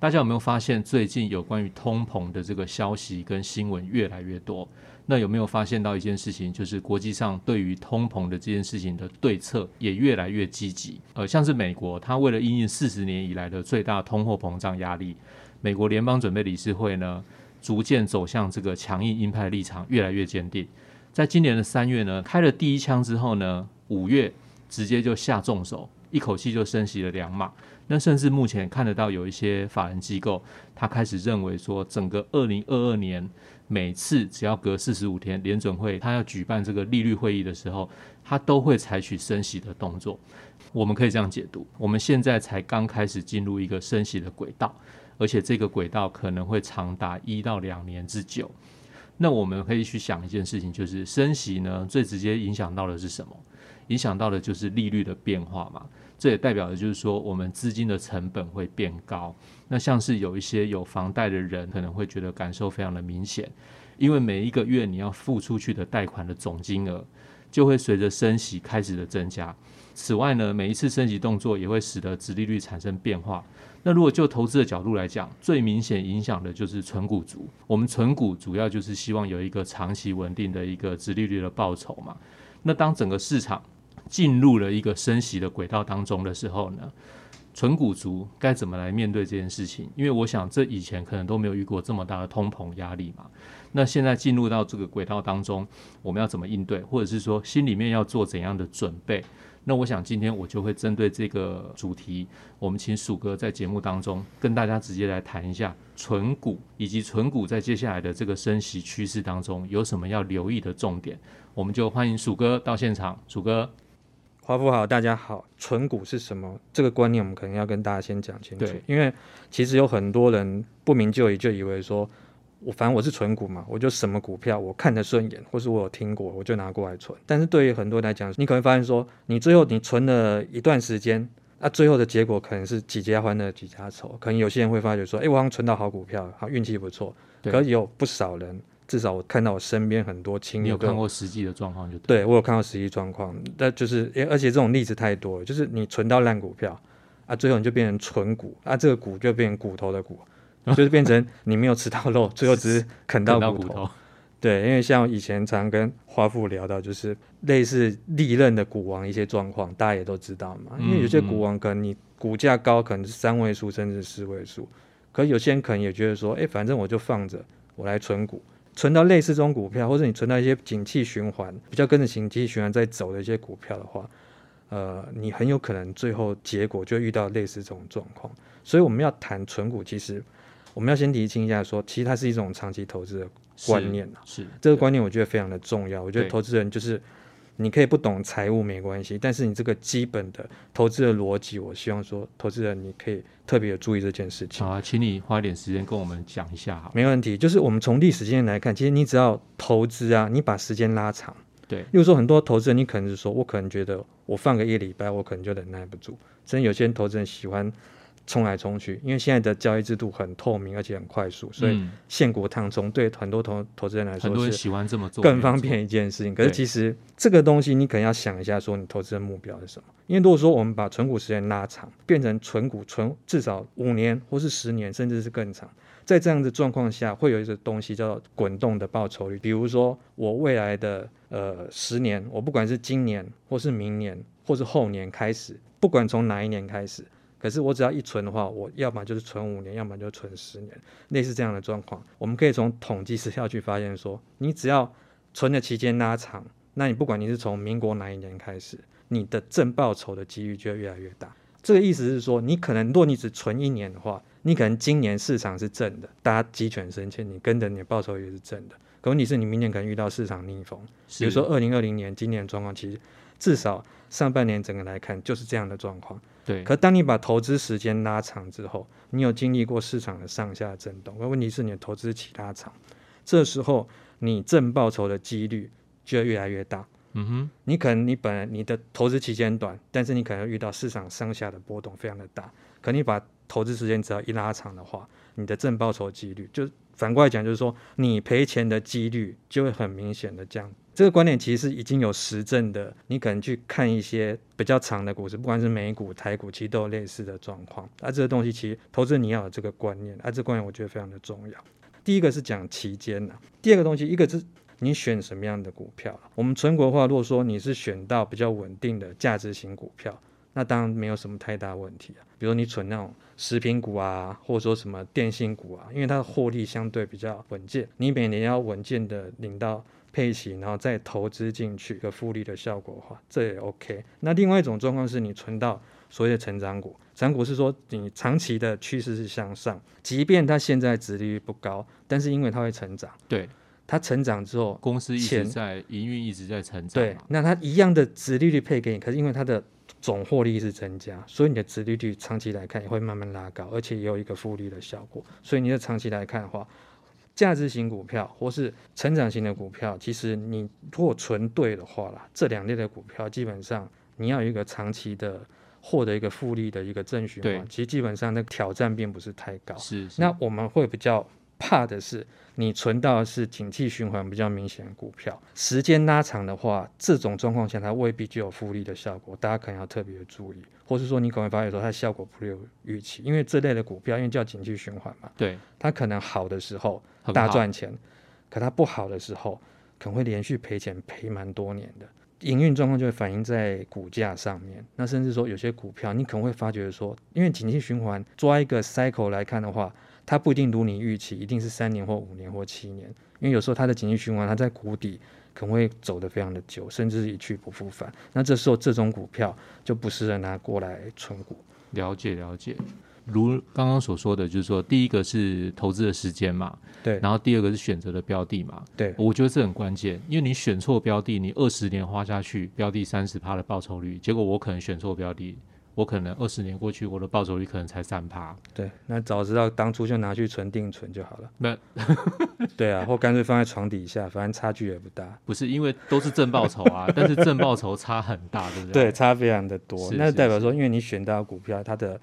大家有沒有發現最近有關於通膨的這個消息跟新聞越來越多？那有沒有發現到一件事情，就是國際上對於通膨的這件事情的對策也越來越積極？呃，像是美國，它為了因應四十年以來的最大通貨膨脹壓力，美國聯邦準備理事會呢，逐漸走向這個強硬鷹派的立場，越來越堅定。在今年的三月呢，開了第一槍之後呢，五月直接就下重手。一口氣就升息了兩碼，那甚至目前看得到有一些法人機構，他開始認為說，整個二零二二年每次只要隔四十五天，聯準會他要舉辦這個利率會議的時候，他都會採取升息的動作。我們可以這樣解讀：我們現在才剛開始進入一個升息的軌道，而且這個軌道可能會長達一到兩年之久。那我們可以去想一件事情，就是升息呢，最直接影響到的是什麼？影響到的就是利率的變化嘛，這也代表的就是說我們資金的成本會變高。那像是有一些有房貸的人，可能會覺得感受非常的明顯，因為每一個月你要付出去的貸款的總金額就會隨着升息開始的增加。此外呢，每一次升息動作也會使得殖利率產生變化。那如果就投資的角度來講，最明顯影響的就是存股族。我們存股主要就是希望有一個長期穩定的一個殖利率的報酬嘛。那當整個市場進入了一個升息的軌道當中的時候呢，存股族該怎麼來面對這件事情？因為我想這以前可能都沒有遇過這麼大的通膨壓力嘛。那現在進入到這個軌道當中，我們要怎麼應對，或者是說心裡面要做怎樣的準備？那我想今天我就會針對這個主題，我們請薯哥在節目當中跟大家直接來談一下存股以及存股在接下來的這個升息趨勢當中有什麼要留意的重點。我們就歡迎薯哥到現場，薯哥。花父好，大家好。存股是什麼？這個觀念我們可能要跟大家先講清楚，因為其實有很多人不明就裡就以為說，我反正我是存股嘛，我就什麼股票我看得順眼，或是我有聽過，我就拿過來存。但是對於很多人來講，你可能發現說，你最後你存了一段時間，那、啊、最後的結果可能是幾家歡樂幾家愁。可能有些人會發覺說，哎、欸，我好像存到好股票，好運氣不錯。可有不少人。至少我看到我身邊很多親友，你有看過實際的狀況？就對，對，我有看到實際狀況，但就是、欸、而且這種例子太多了，就是你存到爛股票啊，最後你就變成存股啊，這個股就變成骨頭的股，就是變成你沒有吃到肉， 最後只是啃到骨頭。 骨頭對，因為像以前常跟花父聊到，就是類似歷任的股王一些狀況，大家也都知道嘛。因為有些股王可能你股價高，可能是三位數甚至四位數，嗯嗯，可是有些人可能也覺得說，哎、欸，反正我就放着，我來存股。存到類似這種股票，或者你存到一些景氣循環比較跟着景氣循環在走的一些股票的話，呃，你很有可能最後結果就遇到類似這種狀況。所以我們要談存股，其實我們要先理清一下說，說其實它是一種長期投資的觀念是，是這個觀念，我覺得非常的重要。對我覺得投資人就是。你可以不懂財務沒關係，但是你這個基本的投資的邏輯，我希望說，投資人你可以特別注意這件事情。好啊，請你花點時間跟我們講一下哈。沒問題，就是我們從歷史經驗來看，其實你只要投資啊，你把時間拉長，對。例如說很多投資人，你可能是說，我可能覺得我放個一禮拜，我可能就忍耐不住。真有些人投資人喜歡沖來沖去，因為現在的交易制度很透明，而且很快速，所以現股當沖，對很多投投資人來說都是更方便一件事情。可是其實這個東西你可能要想一下，說你投資的目標是什麼？因為如果說我們把存股時間拉長，變成存股存至少五年或是十年，甚至是更長，在這樣的狀況下，會有一個東西叫做滾動的報酬率。比如說，我未來的呃十年，我不管是今年或是明年或是後年開始，不管從哪一年開始。可是我只要一存的話，我要麼就是存五年，要麼就是存十年，類似這樣的狀況。我們可以從統計時效去發現說，說你只要存的期間拉長，那你不管你是從民國哪一年開始，你的正報酬的機率就會越來越大。這個意思是說，你可能若你只存一年的話，你可能今年市場是正的，大家雞犬升天，你跟着你的報酬也是正的。可問題是，你明年可能遇到市場逆風，是比如說二零二零年今年狀況，其實至少。上半年整個來看就是這樣的狀況，對。可當你把投資時間拉長之後，你有經歷過市場的上下震動，那問題是你的投資期拉長，這時候你正報酬的幾率就會越來越大。嗯哼，你可能你本來你的投資期間短，但是你可能遇到市場上下的波動非常的大，可你把投資時間只要一拉長的話，你的正報酬幾率就反過來講，就是說你賠錢的幾率就會很明顯的降。這個觀點其實已經有實證的，你可能去看一些比較長的股市，不管是美股、台股，其實都有類似的狀況。那、啊、這個東西其實投資你要有這個觀念，那、啊、這個觀念我覺得非常的重要。第一個是講期間吶、啊，第二個東西，一個是你選什麼樣的股票、啊。我們存股的話，如果說你是選到比較穩定的價值型股票，那當然沒有什麼太大問題、啊、比如說你存那種食品股啊，或者說什麼電信股啊，因為它的獲利相對比較穩健，你每年要穩健的領到。配息，然後再投資進去，一個複利的效果的話，這也 OK。那另外一種狀況是你存到所謂的成長股，成長股是說你長期的趨勢是向上，即便它現在殖利率不高，但是因為它會成長，對，它成長之後，公司一直在營運前一直在成長，對，那它一樣的殖利率配給你，可是因為它的總獲利是增加，所以你的殖利率長期來看也會慢慢拉高，而且也有一個複利的效果，所以你的長期來看的話。價值型股票或是成長型的股票，其實你如果存對的話啦，這兩類的股票基本上你要有一個長期的獲得一個複利的一個正循環，對其實基本上那個挑戰並不是太高。是，是，那我們會比較。怕的是你存到的是景氣循環比較明顯的股票，時間拉長的話，這種狀況下它未必具有複利的效果，大家可能要特別注意，或是說你可能會發覺說它效果不如預期，因為這類的股票因為叫景氣循環嘛，對，它可能好的時候大賺錢，好可它不好的時候可能會連續賠錢賠蠻多年的，營運狀況就會反映在股價上面，那甚至說有些股票你可能會發覺說，因為景氣循環抓一個 cycle 來看的話。它不一定如你預期，一定是三年或五年或七年，因為有時候它的經濟循環，它在谷底可能會走得非常的久，甚至是一去不復返。那這時候這種股票就不適合拿過來存股。了解了解，如剛剛所說的，就是說第一個是投資的時間嘛，對，然後第二個是選擇的標的嘛，對，我覺得這很關鍵，因為你選錯標的，你二十年花下去，標的三十趴的報酬率，結果我可能選錯標的。我可能二十年過去，我的報酬率可能才三趴。對，那早知道當初就拿去存定存就好了。那對啊， 或乾脆放在床底下，反正差距也不大。不是因為都是正報酬啊， 但是正報酬差很大，對不對？對，差非常的多。是是是，那代表說，因為你選到股票，它的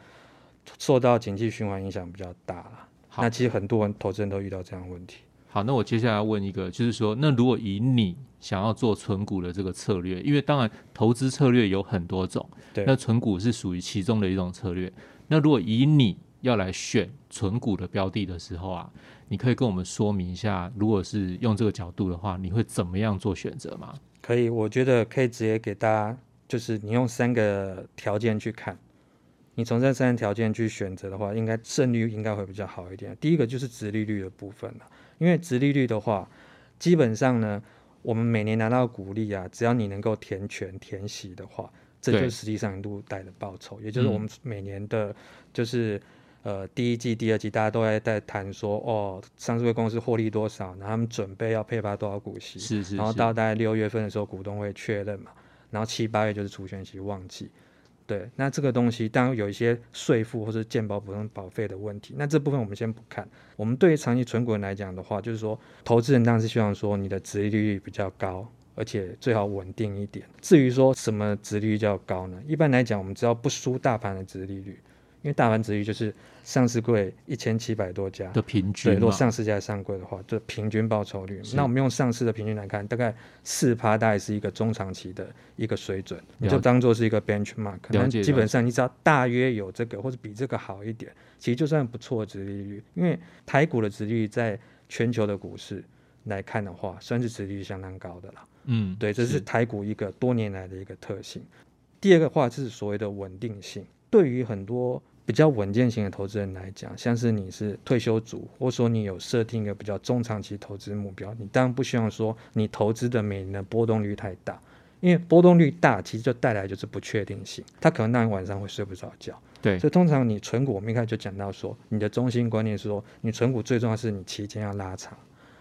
受到景氣循環影響比較大。好那其實很多人投資人都遇到這樣的問題。好，那我接下來問一個，就是說，那如果以你想要做存股的這個策略，因為當然投資策略有很多種，對，那存股是屬於其中的一種策略。那如果以你要來選存股的標的的時候啊，你可以跟我們說明一下，如果是用這個角度的話，你會怎麼樣做選擇嗎？可以，我覺得可以直接給大家，就是你用三個條件去看。你從這三個條件去選擇的話，應該勝率應該會比較好一點。第一個就是殖利率的部分了，因為殖利率的話，基本上呢，我們每年拿到股利啊，只要你能夠填權填息的話，這就是實際上都帶的報酬，對也就是我們每年的，就是呃第一季、第二季大家都在在談說，哦，上市會公司獲利多少，然後他們準備要配發多少股息，是是是。然後到大概六月份的時候，股東會確認嘛，然後七八月就是除權息旺季。忘記對，那這個東西，當然有一些稅負或者健保補充保費的問題，那這部分我們先不看。我們對於長期存股人來講的話，就是說，投資人當然是希望說，你的殖利率比較高，而且最好穩定一點。至於說什麼殖利率較高呢？一般來講，我們只要不輸大盤的殖利率，因為大盤殖利率，就是上市櫃一千七百多家的平均，對，如果上市價上櫃的話，就平均報酬率。是那我們用上市的平均來看，大概四趴，大概是一個中長期的一個水準，解你就當做是一個 benchmark，可能解基本上你只要大約有這個，或者比這個好一點，其實就算不錯的殖利率。因為台股的殖利率在全球的股市來看的話，算是殖利率相當高的了。嗯，對，這是台股一個多年來的一個特性。是第二個話就是所謂的穩定性。對於很多比較穩健型的投資人來講，像是你是退休族，或者說你有設定一個比較中長期投資目標，你當然不希望說你投資的每年的波動率太大，因為波動率大其實就帶來就是不確定性，它可能讓你晚上會睡不着覺。對，所以通常你存股，我們一開始就講到說，你的中心觀念是說，你存股最重要是你期間要拉長。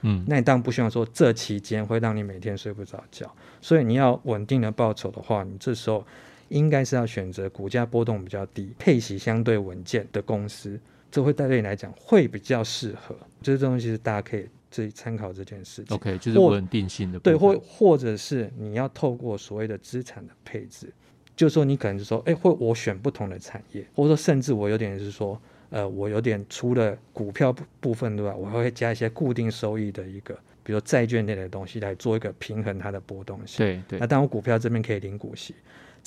嗯，那你當然不希望說這期間會讓你每天睡不着覺，所以你要穩定的報酬的話，你這時候。應該是要選擇股價波動比較低、配息相對穩健的公司，這會帶對你來講會比較適合。所以、就是、這東西是大家可以自己參考這件事情。OK，就是穩定性的。對，或或者是你要透過所謂的資產的配置，就是說你可能就說，哎、欸，會我選不同的產業，或者說甚至我有點是說，呃，我有點除了股票部分對吧？我還會加一些固定收益的一個，比如說債券類的東西來做一個平衡它的波動性。對對。對那當我股票這邊可以領股息。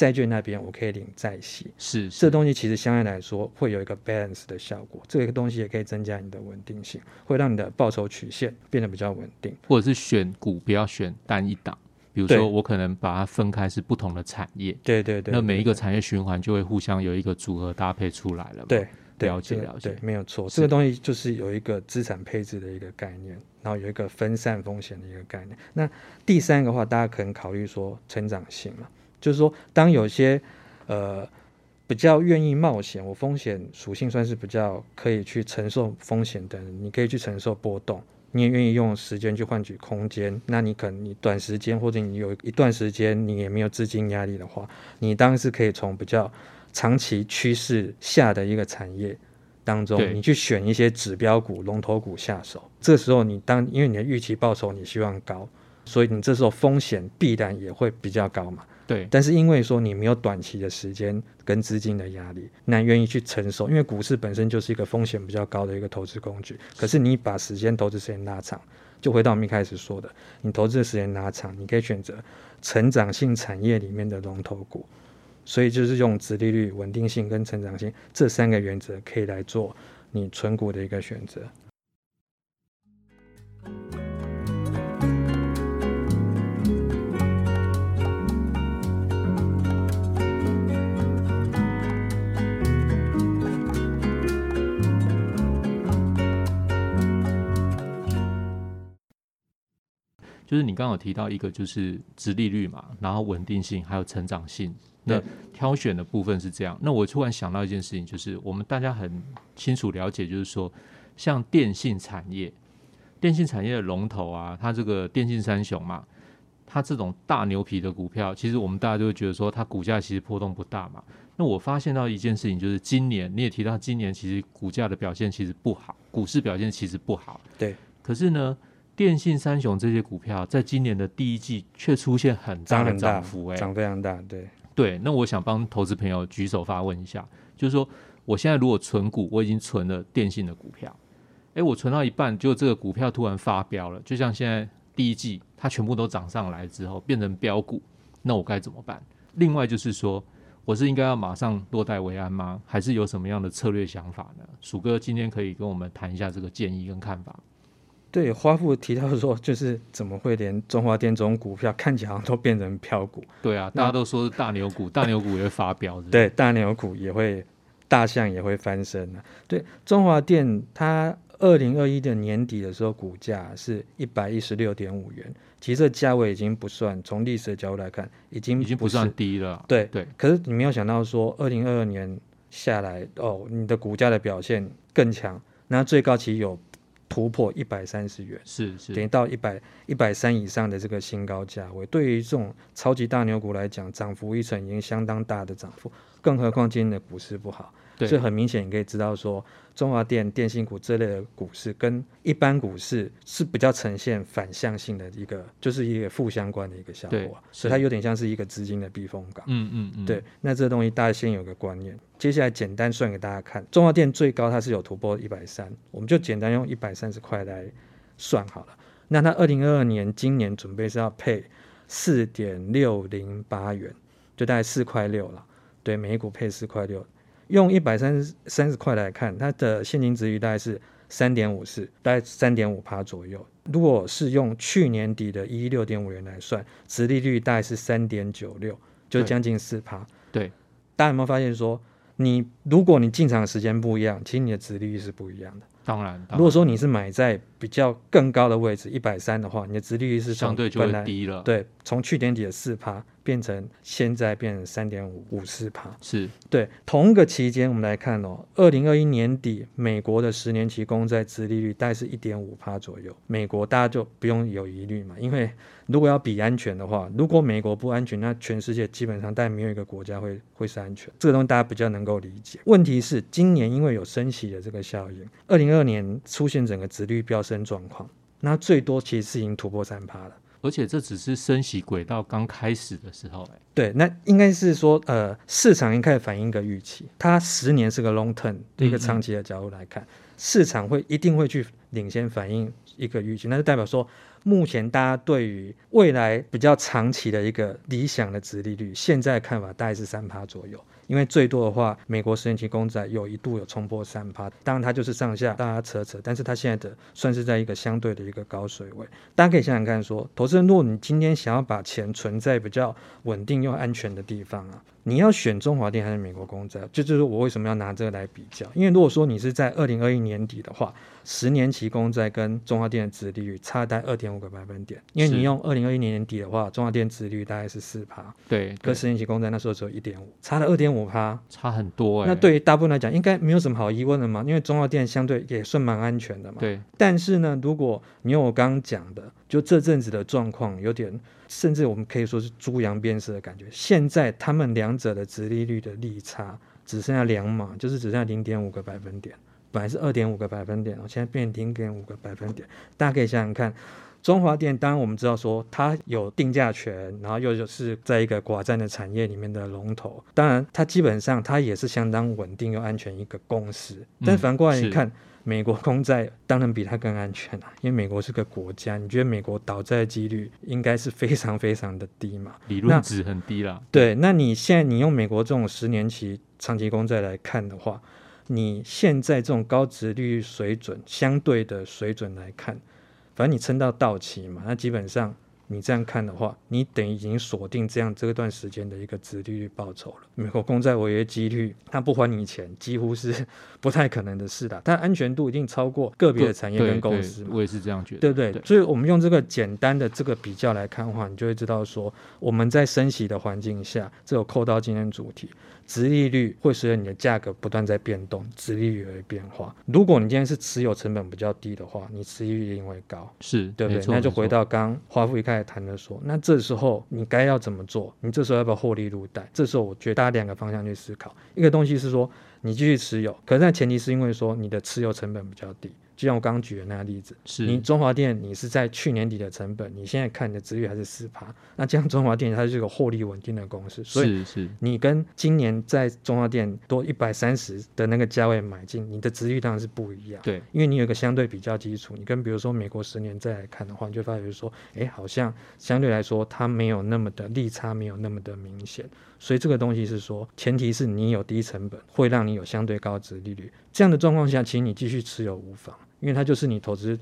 債券那邊，我可以領債息，是，是這東西其實相對來說會有一個 balance 的效果，這個東西也可以增加你的穩定性，會讓你的報酬曲線變得比較穩定，或者是選股不要選單一檔，比如說我可能把它分開是不同的產業，對對對，對，那每一個產業循環就會互相有一個組合搭配出來了嘛，對，對，了解了解，沒有錯，這個東西就是有一個資產配置的一個概念，是然後有一個分散風險的一個概念，那第三個的話大家可能考慮說成長性嘛。就是說，當有些，呃，比較願意冒險，我風險屬性算是比較可以去承受風險的人，你可以去承受波動，你也願意用時間去換取空間。那你可能你短時間或者你有一段時間你也沒有資金壓力的話，你當然是可以從比較長期趨勢下的一個產業當中，對你去選一些指標股、龍頭股下手。這時候你當，因為你的預期報酬你希望高，所以你這時候風險必然也會比較高嘛。對，但是因為說你沒有短期的時間跟資金的壓力，那願意去承受，因為股市本身就是一個風險比較高的一個投資工具。可是你把時間，投資時間拉長，就回到我們一開始說的，你投資的時間拉長，你可以選擇成長性產業裡面的龍頭股。所以就是用殖利率、穩定性跟成長性這三個原則，可以來做你存股的一個選擇。嗯就是你剛好提到一個，就是殖利率嘛，然後穩定性還有成長性，那挑選的部分是這樣。那我突然想到一件事情，就是我們大家很清楚了解，就是說像電信產業，電信產業的龍頭啊，它這個電信三雄嘛，它這種大牛皮的股票，其實我們大家就會覺得說它股價其實波動不大嘛。那我發現到一件事情，就是今年你也提到，今年其實股價的表現其實不好，股市表現其實不好。對，可是呢。電信三雄這些股票，在今年的第一季卻出現很大的漲幅，誒，漲非常大，對對。那我想幫投資朋友舉手發問一下，就是說，我現在如果存股，我已經存了電信的股票，誒，我存到一半，結果這個股票突然發飆了，就像現在第一季它全部都漲上來之後，變成飆股，那我該怎麼辦？另外就是說，我是應該要馬上落袋為安嗎？還是有什麼樣的策略想法呢？薯哥今天可以跟我們談一下這個建議跟看法。對，花父提到說，就是怎麼會連中華電這種股票看起來好像都變成飆股？對啊，那大家都說是大牛股， 大牛股也會發飆。對，大牛股也會，大象也會翻身啊。對，中華電它二零二一的年底的時候股價是一百一十六點五元，其實這價位已經不算，從歷史的角度來看，已經已經不算低了。對對，對，可是你沒有想到說，二零二二年下來哦，你的股價的表現更強，那最高其實有。突破一百三十元，是是，等於到一百一百三以上的這個新高價位。對於這種超級大牛股來講，漲幅一成已經相當大的漲幅，更何況今天的股市不好。所以很明顯，你可以知道說，中華電、電信股這類的股市跟一般股市是比較呈現反向性的一個，就是一個負相關的一個效果，啊，所以它有點像是一個資金的避風港。嗯嗯嗯，對。那這個東西大家先有個觀念。接下來簡單算給大家看，中華電最高它是有突破一百三，我們就簡單用一百三十塊來算好了。那它二零二二年今年準備是要配四點六零八元，就大概四塊六了。對，每股配四塊六。用一百三十三十塊來看，它的現金殖利率大概是三點五四，大概三點五趴左右。如果是用去年底的一六點五元來算，殖利率大概是三點九六，就將近四趴。對，大家有沒有發現說，你如果你進場時間不一樣，其實你的殖利率是不一樣的。當然，如果說你是買在比較更高的位置，一百三的話，你的殖利率是相對就會低了。對，從去年底的四趴變成現在變成三點五五四趴。是對。同一個期間，我們來看哦，二零二一年底，美國的十年期公債殖利率大概是一點五趴左右。美國大家就不用有疑慮嘛，因為。如果要比安全的話，如果美國不安全，那全世界基本上，但沒有一個國家會會是安全。這個東西大家比較能夠理解。問題是，今年因為有升息的這個效應，二零二二年出現整個殖利率飆升狀況，那最多其實是已經突破三趴了。而且這只是升息軌道剛開始的時候、哎。對，那應該是說，呃，市場應該反映一個預期，它十年是個 long term，的一個長期的角度來看，嗯嗯市場會一定會去領先反映一個預期，那就代表說。目前大家對於未來比較長期的一個理想的殖利率，現在看法大概是三趴左右。因為最多的話，美國十年期公債有一度有衝破三趴，當然它就是上下拉扯扯，但是它現在的算是在一個相對的一個高水位。大家可以想想看說，說投資人，如果你今天想要把錢存在比較穩定又安全的地方啊，你要選中華電還是美國公債？這就是我為什麼要拿這個來比較。因為如果說你是在二零二一年底的話，十年期公債跟中華電的殖利率差了大概二點五個百分點，因為你用二零二一年年底的話，是中華電殖利率大概是四趴，對，跟十年期公債那時候只有一點五，差了二點五。它差很多、欸，那對於大部分來講，應該沒有什麼好疑問的嘛？因為中華電相對也算蠻安全的嘛。對，但是呢，如果你用我剛剛講的，就這陣子的狀況有點，甚至我們可以說是豬羊變色的感覺。現在他們兩者的殖利率的利差只剩下兩碼，就是只剩下零點五個百分點，本來是二點五個百分點，我現在變零點五個百分點，大家可以想想看。中華電，當然我們知道說它有定價權，然後又是在一個寡佔的產業裡面的龍頭。當然，它基本上它也是相當穩定又安全一個公司。但反過來一看，嗯、美國公債當然比它更安全啦、啊，因為美國是個國家，你覺得美國倒債幾率應該是非常非常的低嘛？理論值很低啦。對，那你現在你用美國這種十年期長期公債來看的話，你現在這種高殖利率水準相對的水準來看。反正你撐到到期嘛，那基本上。你這樣看的話，你等於已經鎖定這樣這段時間的一個殖利率報酬了。美國公債違約幾率，它不還你錢，幾乎是不太可能的事的。它安全度一定超過個別的產業跟公司對對。我也是這樣覺得，對不對，對？對，所以，我們用這個簡單的這個比較來看的話，你就會知道說，我們在升息的環境下，只有扣到今天主題，殖利率會隨着你的價格不斷在變動，殖利率也會變化。如果你今天是持有成本比較低的話，你殖利率一定會高，是對不對？錯那就回到剛花父一看。在談的說，那這時候你該要怎麼做？你這時候要不要獲利入袋？這時候我覺得大家兩個方向去思考，一個東西是說你繼續持有，可是那前提是因為說你的持有成本比較低。就像我剛舉的那個例子，是你中華電，你是在去年底的成本，你現在看你的殖率還是四趴，那這樣中華電它是一個獲利穩定的公司，是所以是，你跟今年在中華電多一百三十的那個價位買進，你的殖率當然是不一樣，對，因為你有一個相對比較基礎，你跟比如說美國十年再來看的話，你就發覺就說，哎，好像相對來說它沒有那麼的利差，沒有那麼的明顯，所以這個東西是說，前提是你有低成本，會讓你有相對高殖利率，這樣的狀況下，請你繼續持有無妨。因為它就是你投資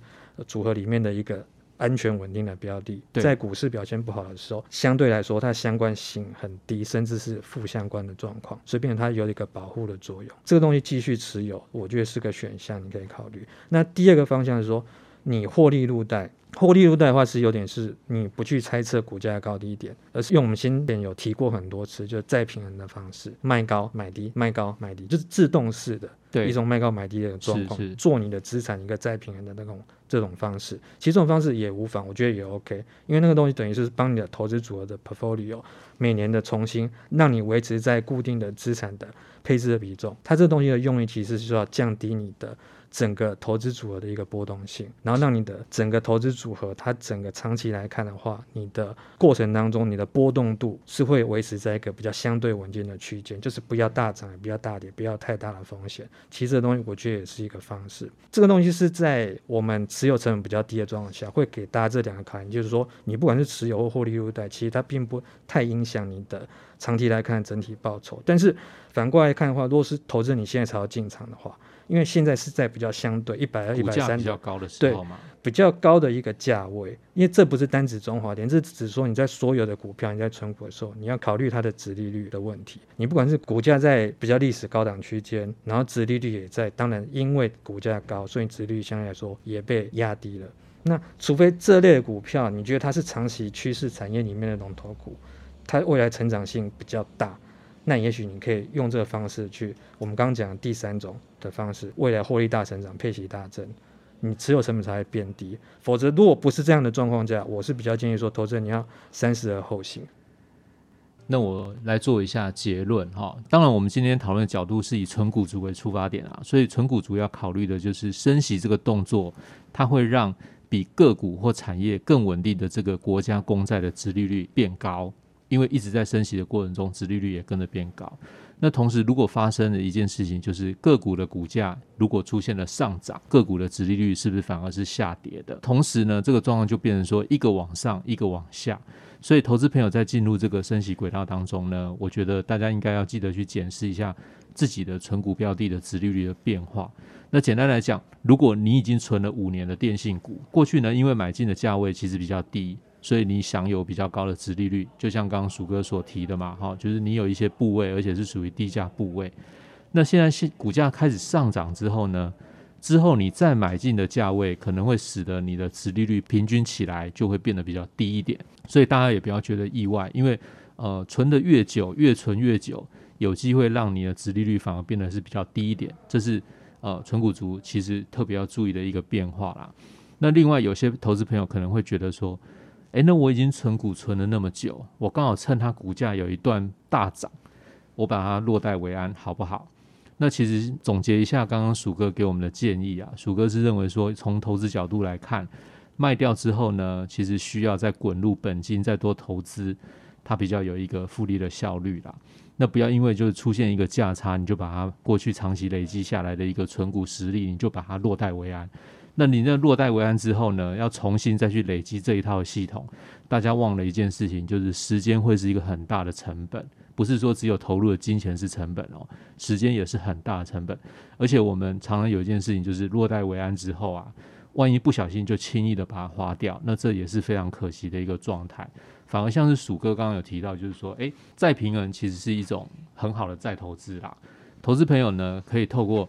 組合裡面的一個安全穩定的標的，對在股市表現不好的時候，相對來說它相關性很低，甚至是負相關的狀況，所以，變成它有一個保護的作用。這個東西繼續持有，我覺得是個選項，你可以考慮。那第二個方向是說，你獲利入袋，獲利入袋的話是有點是你不去猜測股價的高低點，而是用我們先前有提過很多次，就再平衡的方式，賣高買低，賣高買低，就是自動式的，對一種賣高買低的狀況，是是做你的資產一個再平衡的那種是是這種方式，其實這種方式也無妨，我覺得也 OK，因為那個東西等於是幫你的投資組合的 portfolio 每年的重新讓你維持在固定的資產的配置的比重，它這個東西的用意其實是要降低你的。整個投資組合的一個波動性，然後讓你的整個投資組合，它整個長期來看的話，你的過程當中你的波動度是會維持在一個比較相對穩健的區間，就是不要大漲，也不要大跌，不要太大的風險。其實這東西我覺得也是一個方式。這個東西是在我們持有成本比較低的狀況下，會給大家這兩個考驗，就是說你不管是持有或獲利入袋，其實它並不太影響你的長期來看整體報酬。但是反過來看的話，如果是投資你現在才要進場的話。因為現在是在比較相對一百二、一百三，比較高的時候嘛，對，比較高的一個價位。因為這不是單指中華電，這是指說你在所有的股票，你在存股的時候，你要考慮它的殖利率的問題。你不管是股價在比較歷史高檔區間，然後殖利率也在，當然因為股價高，所以殖利率相對來說也被壓低了。那除非這類股票，你覺得它是長期趨勢產業裡面的龍頭股，它未來成長性比較大。那也許你可以用這個方式去，我們剛剛講第三種的方式，未來獲利大成長、配息大增，你持有成本才會變低。否則，如果不是這樣的狀況下，我是比較建議說，投資人你要三思而後行。那我來做一下結論哈、哦。當然，我們今天討論的角度是以存股族為出發點啊，所以存股族要考慮的就是升息這個動作，它會讓比個股或產業更穩定的這個國家公債的殖利率變高。因為一直在升息的過程中，殖利率也跟着變高。那同時，如果發生了一件事情，就是個股的股價如果出現了上漲，個股的殖利率是不是反而是下跌的？同時呢，這個狀況就變成說一個往上，一個往下。所以，投資朋友在進入這個升息軌道當中呢，我覺得大家應該要記得去檢視一下自己的存股標的的殖利率的變化。那簡單來講，如果你已經存了五年的電信股，過去呢，因為買進的價位其實比較低。所以你享有比較高的殖利率，就像剛剛薯哥所提的嘛，哈，就是你有一些部位，而且是屬於低價部位。那現在現股價開始上漲之後呢，之後你再買進的價位，可能會使得你的殖利率平均起來就會變得比較低一點。所以大家也不要覺得意外，因為呃，存的越久，越存越久，有機會讓你的殖利率反而變得是比較低一點。這是呃，存股族其實特別要注意的一個變化啦。那另外有些投資朋友可能會覺得說。誒，那我已經存股存了那麼久，我剛好趁它股價有一段大漲，我把它落袋為安，好不好？那其實總結一下剛剛薯哥給我們的建議啊，薯哥是認為說，從投資角度來看，賣掉之後呢，其實需要再滾入本金，再多投資，它比較有一個複利的效率啦。那不要因為就是出現一個價差，你就把它過去長期累積下來的一個存股實力，你就把它落袋為安。那你那落袋為安之後呢，要重新再去累積這一套系統。大家忘了一件事情，就是時間會是一個很大的成本，不是說只有投入的金錢是成本哦，時間也是很大的成本。而且我們常常有一件事情，就是落袋為安之後啊，萬一不小心就輕易的把它花掉，那這也是非常可惜的一個狀態。反而像是鼠哥剛剛有提到，就是說，誒、欸，再平衡其實是一種很好的再投資啦。投資朋友呢，可以透過。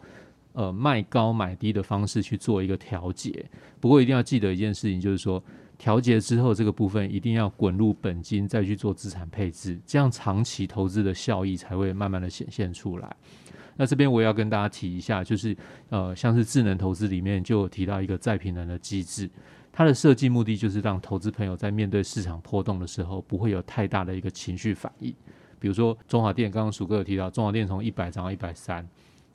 呃，賣高買低的方式去做一個調節，不過一定要記得一件事情，就是說，調節之後這個部分一定要滾入本金，再去做資產配置，這樣長期投資的效益才會慢慢的顯現出來。那這邊我也要跟大家提一下，就是呃，像是智能投資裡面就有提到一個再平衡的機制，它的設計目的就是讓投資朋友在面對市場波動的時候，不會有太大的一個情緒反應。比如說中華電，剛剛薯哥有提到，中華電從一百漲到一百三。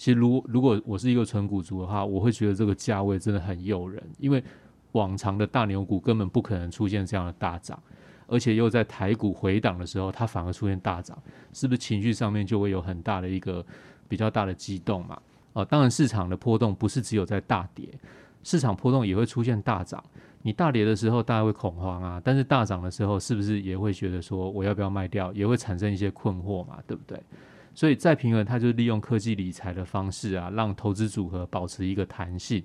其實，如如果我是一個存股族的話，我會覺得這個價位真的很誘人，因為往常的大牛股根本不可能出現這樣的大漲，而且又在台股回檔的時候，它反而出現大漲，是不是情緒上面就會有很大的一個比較大的激動嘛？啊，當然市場的波動不是只有在大跌，市場波動也會出現大漲。你大跌的時候大家會恐慌啊，但是大漲的時候是不是也會覺得說我要不要賣掉，也會產生一些困惑嘛？對不對？所以再平衡，它就是利用科技理財的方式啊，讓投資組合保持一個彈性。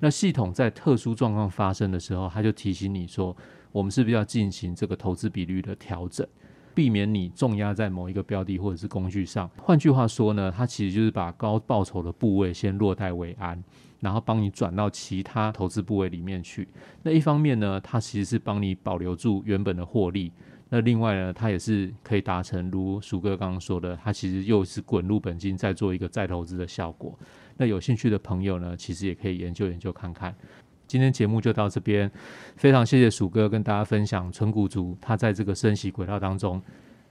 那系統在特殊狀況發生的時候，它就提醒你說，我們是不是要進行這個投資比率的調整，避免你重壓在某一個標的或者是工具上。換句話說呢，它其實就是把高報酬的部位先落袋為安，然後幫你轉到其他投資部位裡面去。那一方面呢，它其實是幫你保留住原本的獲利。那另外呢，他也是可以達成，如薯哥剛剛說的，他其實又是滾入本金，在做一個再投資的效果。那有興趣的朋友呢，其實也可以研究研究看看。今天節目就到這邊，非常謝謝薯哥跟大家分享存股族他在這個升息軌道當中，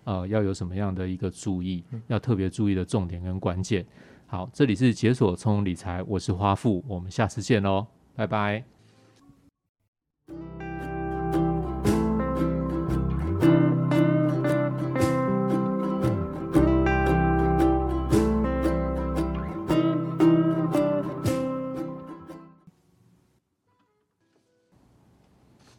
呃，要有什麼樣的一個注意，要特別注意的重點跟關鍵。好，這裡是解鎖金融理財，我是花父，我們下次見嘍，拜拜。